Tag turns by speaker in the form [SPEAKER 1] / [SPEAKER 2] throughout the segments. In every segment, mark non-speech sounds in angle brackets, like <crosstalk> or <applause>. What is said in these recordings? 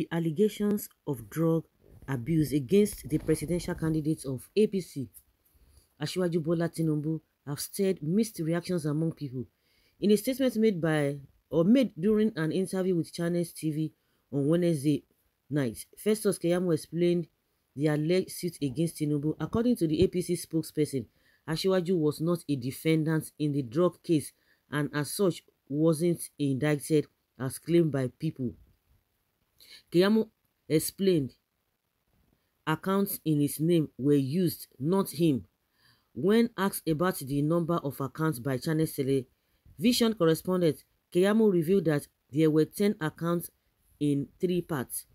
[SPEAKER 1] the allegations of drug abuse against the presidential candidates of APC, Ashwaju Bola have stirred mixed reactions among people. In a statement made by or made during an interview with Channels TV on Wednesday night, Festus Keyamo explained the alleged suit against Tinubu. According to the APC spokesperson, Ashiwaju was not a defendant in the drug case and as such wasn't indicted as claimed by people. Kiyamu explained accounts in his name were used, not him. When asked about the number of accounts by Channel Television correspondent Kiyamu revealed that there were 10 accounts in three parts.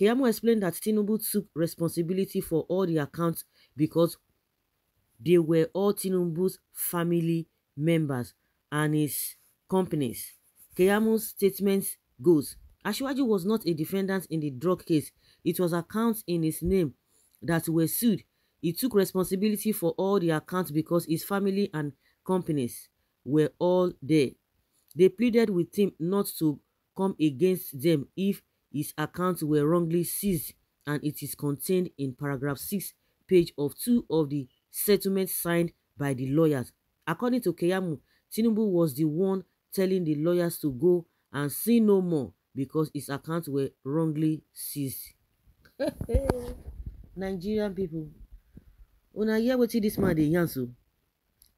[SPEAKER 1] Kiyamu explained that Tinubu took responsibility for all the accounts because they were all Tinubu's family members and his companies. Kiyamu's statement goes, Ashiwaji was not a defendant in the drug case. It was accounts in his name that were sued. He took responsibility for all the accounts because his family and companies were all there. They pleaded with him not to come against them if his accounts were wrongly seized and it is contained in paragraph 6, page of 2 of the settlement signed by the lawyers. According to Keyamu, Tinubu was the one telling the lawyers to go and see no more because his accounts were wrongly seized. <laughs> Nigerian people, When I hear wetin dis man dey yarn so.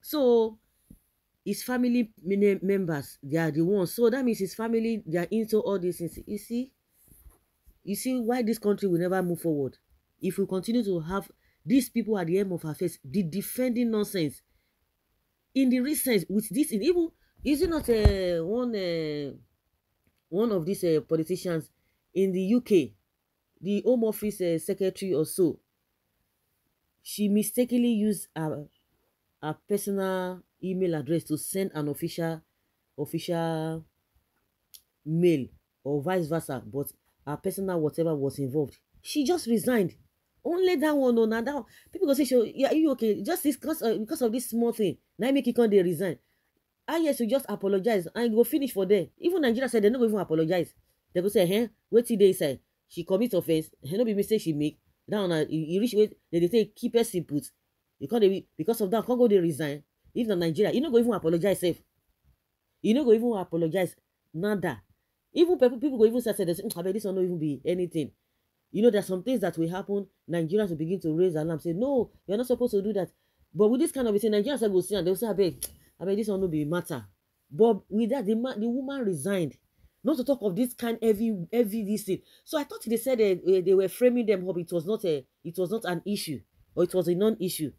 [SPEAKER 1] So his family members they are the ones. So that means his family they are into all these things. You see, you see why this country will never move forward if we continue to have these people at the end of our face. the defending nonsense in the recent with this in even is it not uh, one. Uh, one of these uh, politicians in the UK, the Home Office uh, secretary or so, she mistakenly used a a personal email address to send an official official mail or vice versa, but her personal whatever was involved. She just resigned. Only that one, no, oh, now that people go say, "Sure, yeah, you okay?" Just this, because uh, because of this small thing. Now make you can't they resign. IS ah, will just apologize and go finish for there. Even Nigeria said they no go even apologize. They go say, "Huh, eh, wait till they say? She commit offense. Eh, no be mistake she make. Now na eh, you reach wait they dey say keep her simple. You Because they because of that Can't go they resign. Even Nigeria, you no go even apologize Safe, You no go even apologize nada. Even people people go even say say mm, this one no even be anything. You know, there's some things that will happen. Nigerians will begin to raise alarm, say, no, you're not supposed to do that. But with this kind of thing, Nigerians will go see and they'll say, I abeg this one no be matter but with that the man the woman resigned not to talk of this kind heavy heavy this thing so i thought they said uh, they were framing them up it was not a eh, it was not an issue or it was a non-issue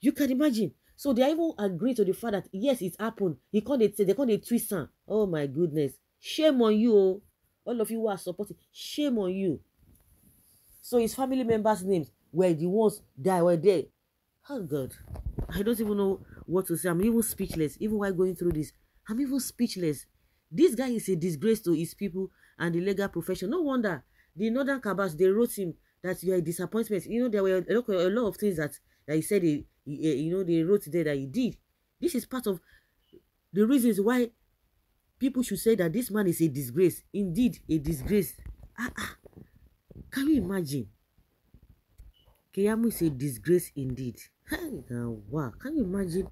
[SPEAKER 1] you can imagine so they even agreed to the fact that yes it happened he called it. they called it twist am oh my goodness shame on you o oh. all of you who are supporting shame on you so his family members names were the ones that were there oh god i don't even know what to say. I'm even speechless. Even while going through this, I'm even speechless. This guy is a disgrace to his people and the legal profession. No wonder the Northern Cabas, they wrote him that you are a disappointment. You know, there were a lot of things that, that he said, he, he, you know, they wrote there that he did. This is part of the reasons why people should say that this man is a disgrace. Indeed, a disgrace. Ah, ah. Can you imagine? Keyamo is a disgrace indeed. Hey, wow. Can you imagine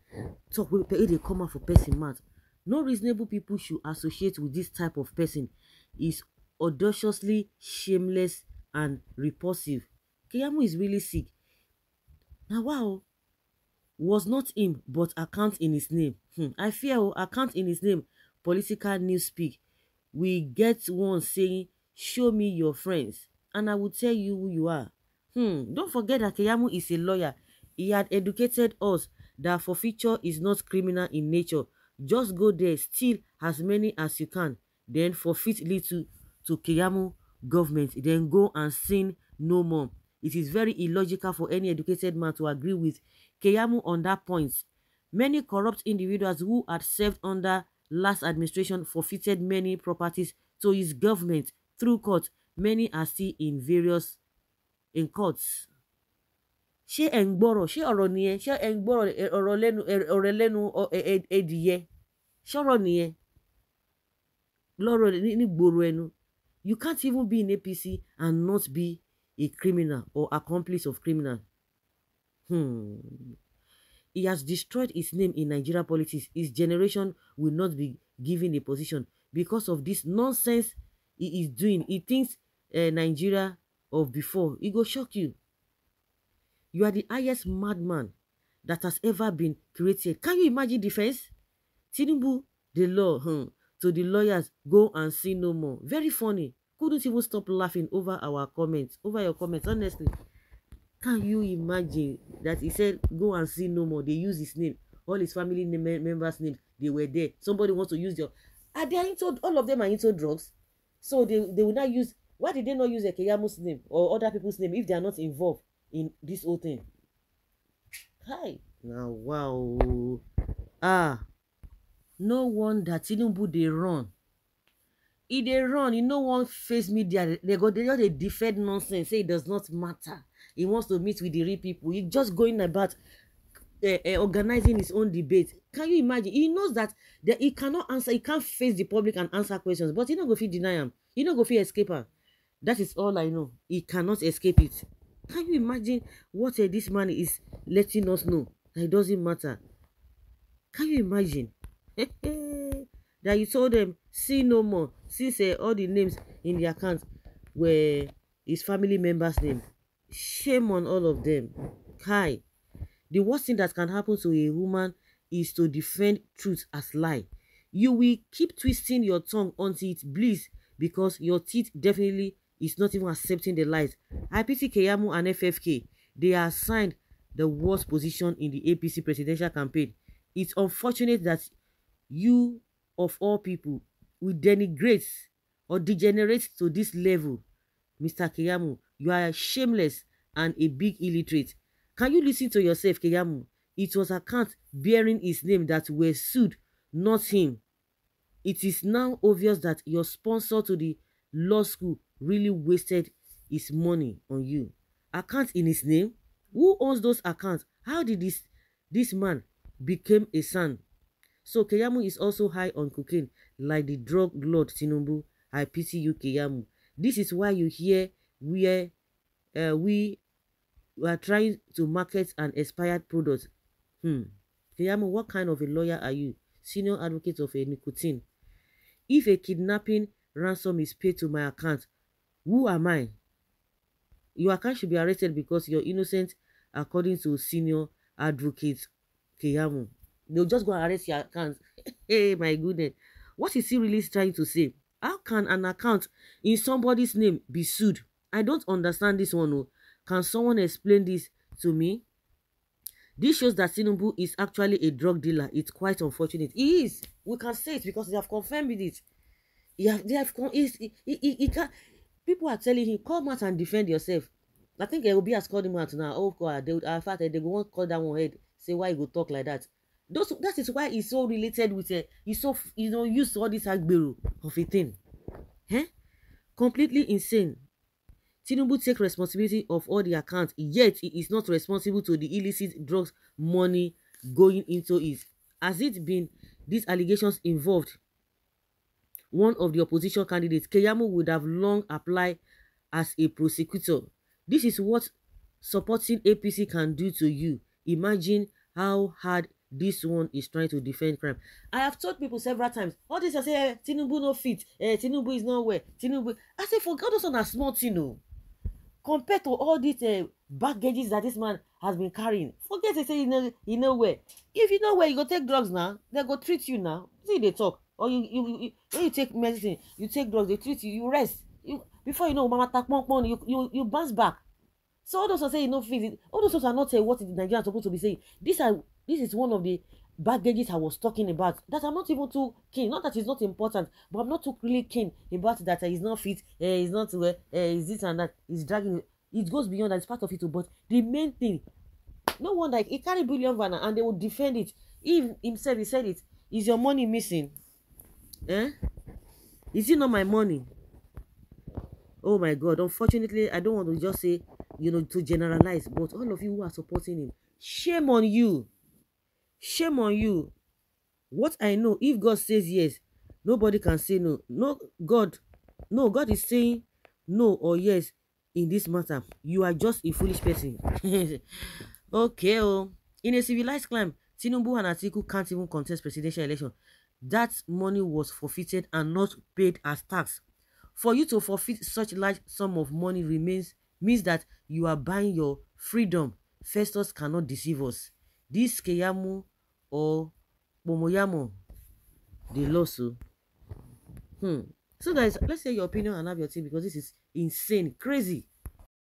[SPEAKER 1] talk with people? Eh, they come out for person mouth. No reasonable people should associate with this type of person. Is audaciously shameless and repulsive. Keyamo is really sick. Now, wow. Was not him, but account in his name. Hmm. I fear oh, account in his name. Political news speak. We get one saying, Show me your friends, and I will tell you who you are. Hmm, don't forget that Keyamo is a lawyer. He had educated us that forfeiture is not criminal in nature. Just go there, steal as many as you can, then forfeit little to Keyamo government, then go and sin no more. It is very illogical for any educated man to agree with Keyamo on that point. Many corrupt individuals who had served under last administration forfeited many properties to his government through court. Many are still in various in court ṣé ẹ̀ ń gbọ́rọ̀ ṣé ọ̀rọ̀ nìyẹn ṣé ẹ̀ ń gbọ́rọ̀ ọ̀rọ̀ lẹ́nu ọ̀rọ̀ lẹ́nu ẹ̀dìyẹ ṣọ̀rọ̀ nìyẹn lọ́rọ̀ nígboro ẹnu you can't even be in APC and not be a criminal or accomplice of criminal hmm. he has destroyed his name in Nigeria politics his generation will not be given a position because of this nonsense he is doing he thinks uh, Nigeria of before, it go shock you. You are the highest madman that has ever been created. Can you imagine the face? Tinubu, the law, hmm, to the lawyers, go and see no more. Very funny. Couldn't even stop laughing over our comments, over your comments, honestly. Can you imagine that he said, go and see no more? They use his name, all his family members' names, they were there. Somebody wants to use your. Are they into all of them are into drugs? So they, they will not use why did they not use ekeyamu's name or other people's name if they are not involved in this whole thing hi Now, wow ah no wonder tinubu they run If they run e no one face media they go they just dey defend nonsense say it does not matter he wants to meet with the real people he just going about uh, uh, organizing his own debate can you imagine he knows that the, he cannot answer he can't face the public and answer questions but he not go fit deny am he not go fit escape am That is all I know. He cannot escape it. Can you imagine what uh, this man is letting us know? it doesn't matter. Can you imagine? <laughs> that you told them, see no more, since uh, all the names in the account were his family members' name. Shame on all of them. Kai, the worst thing that can happen to a woman is to defend truth as lie. You will keep twisting your tongue until it bleeds because your teeth definitely is not even accepting the light. IPC Keyamu and FFK, they are assigned the worst position in the APC presidential campaign. It's unfortunate that you, of all people, will denigrate or degenerate to this level. Mr. Keyamu, you are shameless and a big illiterate. Can you listen to yourself, Keyamu? It was account bearing his name that were sued, not him. It is now obvious that your sponsor to the law school really wasted his money on you. Account in his name? Who owns those accounts? How did this this man became a son? So Keyamu is also high on cocaine, like the drug lord Tinubu. I pity you, Keyamu. This is why you hear where uh, we were trying to market an expired product. Hmm. Keyamu, what kind of a lawyer are you? Senior advocate of a nicotine. If a kidnapping ransom is paid to my account, Who am I? Your account should be arrested because you're innocent, according to senior advocate Keyamu. They'll just go and arrest your account. <laughs> hey, my goodness. What is he really trying to say? How can an account in somebody's name be sued? I don't understand this one. Oh. Can someone explain this to me? This shows that Tinubu is actually a drug dealer. It's quite unfortunate. He is. We can say it because they have confirmed it. He have, they have con- he, he, he, he, can, people are telling him come out and defend yourself i think obi has called him out now oh god they in fact they go wan call that one head say why you go talk like that those that is why he so related with uh, eh, he so you know use all this agbero of a thing eh? completely insane tinubu take responsibility of all the account yet he is not responsible to the illicit drugs money going into it has it been these allegations involved one of the opposition candidates, Keyamo would have long applied as a prosecutor. This is what supporting APC can do to you. Imagine how hard this one is trying to defend crime. I have told people several times, all this I say, eh, Tinubu no fit, eh, Tinubu is nowhere, Tinubu. I say, for God, those on a small Tinu. Oh, compared to all these uh, baggages that this man has been carrying, forget they say he know, he know where. If you know where, you go take drugs now, they go treat you now. See, they talk or you you, you when you take medicine you take drugs they treat you you rest you before you know mama ta pọnpọn you you you bounce back so all those ones say you no fit all those ones are not saying eh, what the nigerians suppose to be saying this are this is one of the baggages i was talking about that i'm not even too keen not that it's not important but i'm not too really keen about that uh, eh, he's not fit Eh, he's not well Eh, he's this and that he's dragging it goes beyond that it's part of it too but the main thing no wonder he carry billion vana and they will defend it if himself he said it is your money missing Eh? Is it not my money? Oh my God. Unfortunately, I don't want to just say, you know, to generalize, but all of you who are supporting him, shame on you. Shame on you. What I know, if God says yes, nobody can say no. No, God, no, God is saying no or yes in this matter. You are just a foolish person. <laughs> okay, oh. In a civilized climb, Tinubu and Atiku can't even contest presidential election that money was forfeited and not paid as tax. For you to forfeit such large sum of money remains means that you are buying your freedom. Festus cannot deceive us. This Keyamu or bomoyamo the law oh. Hmm. So guys, let's hear your opinion and have your take because this is insane, crazy.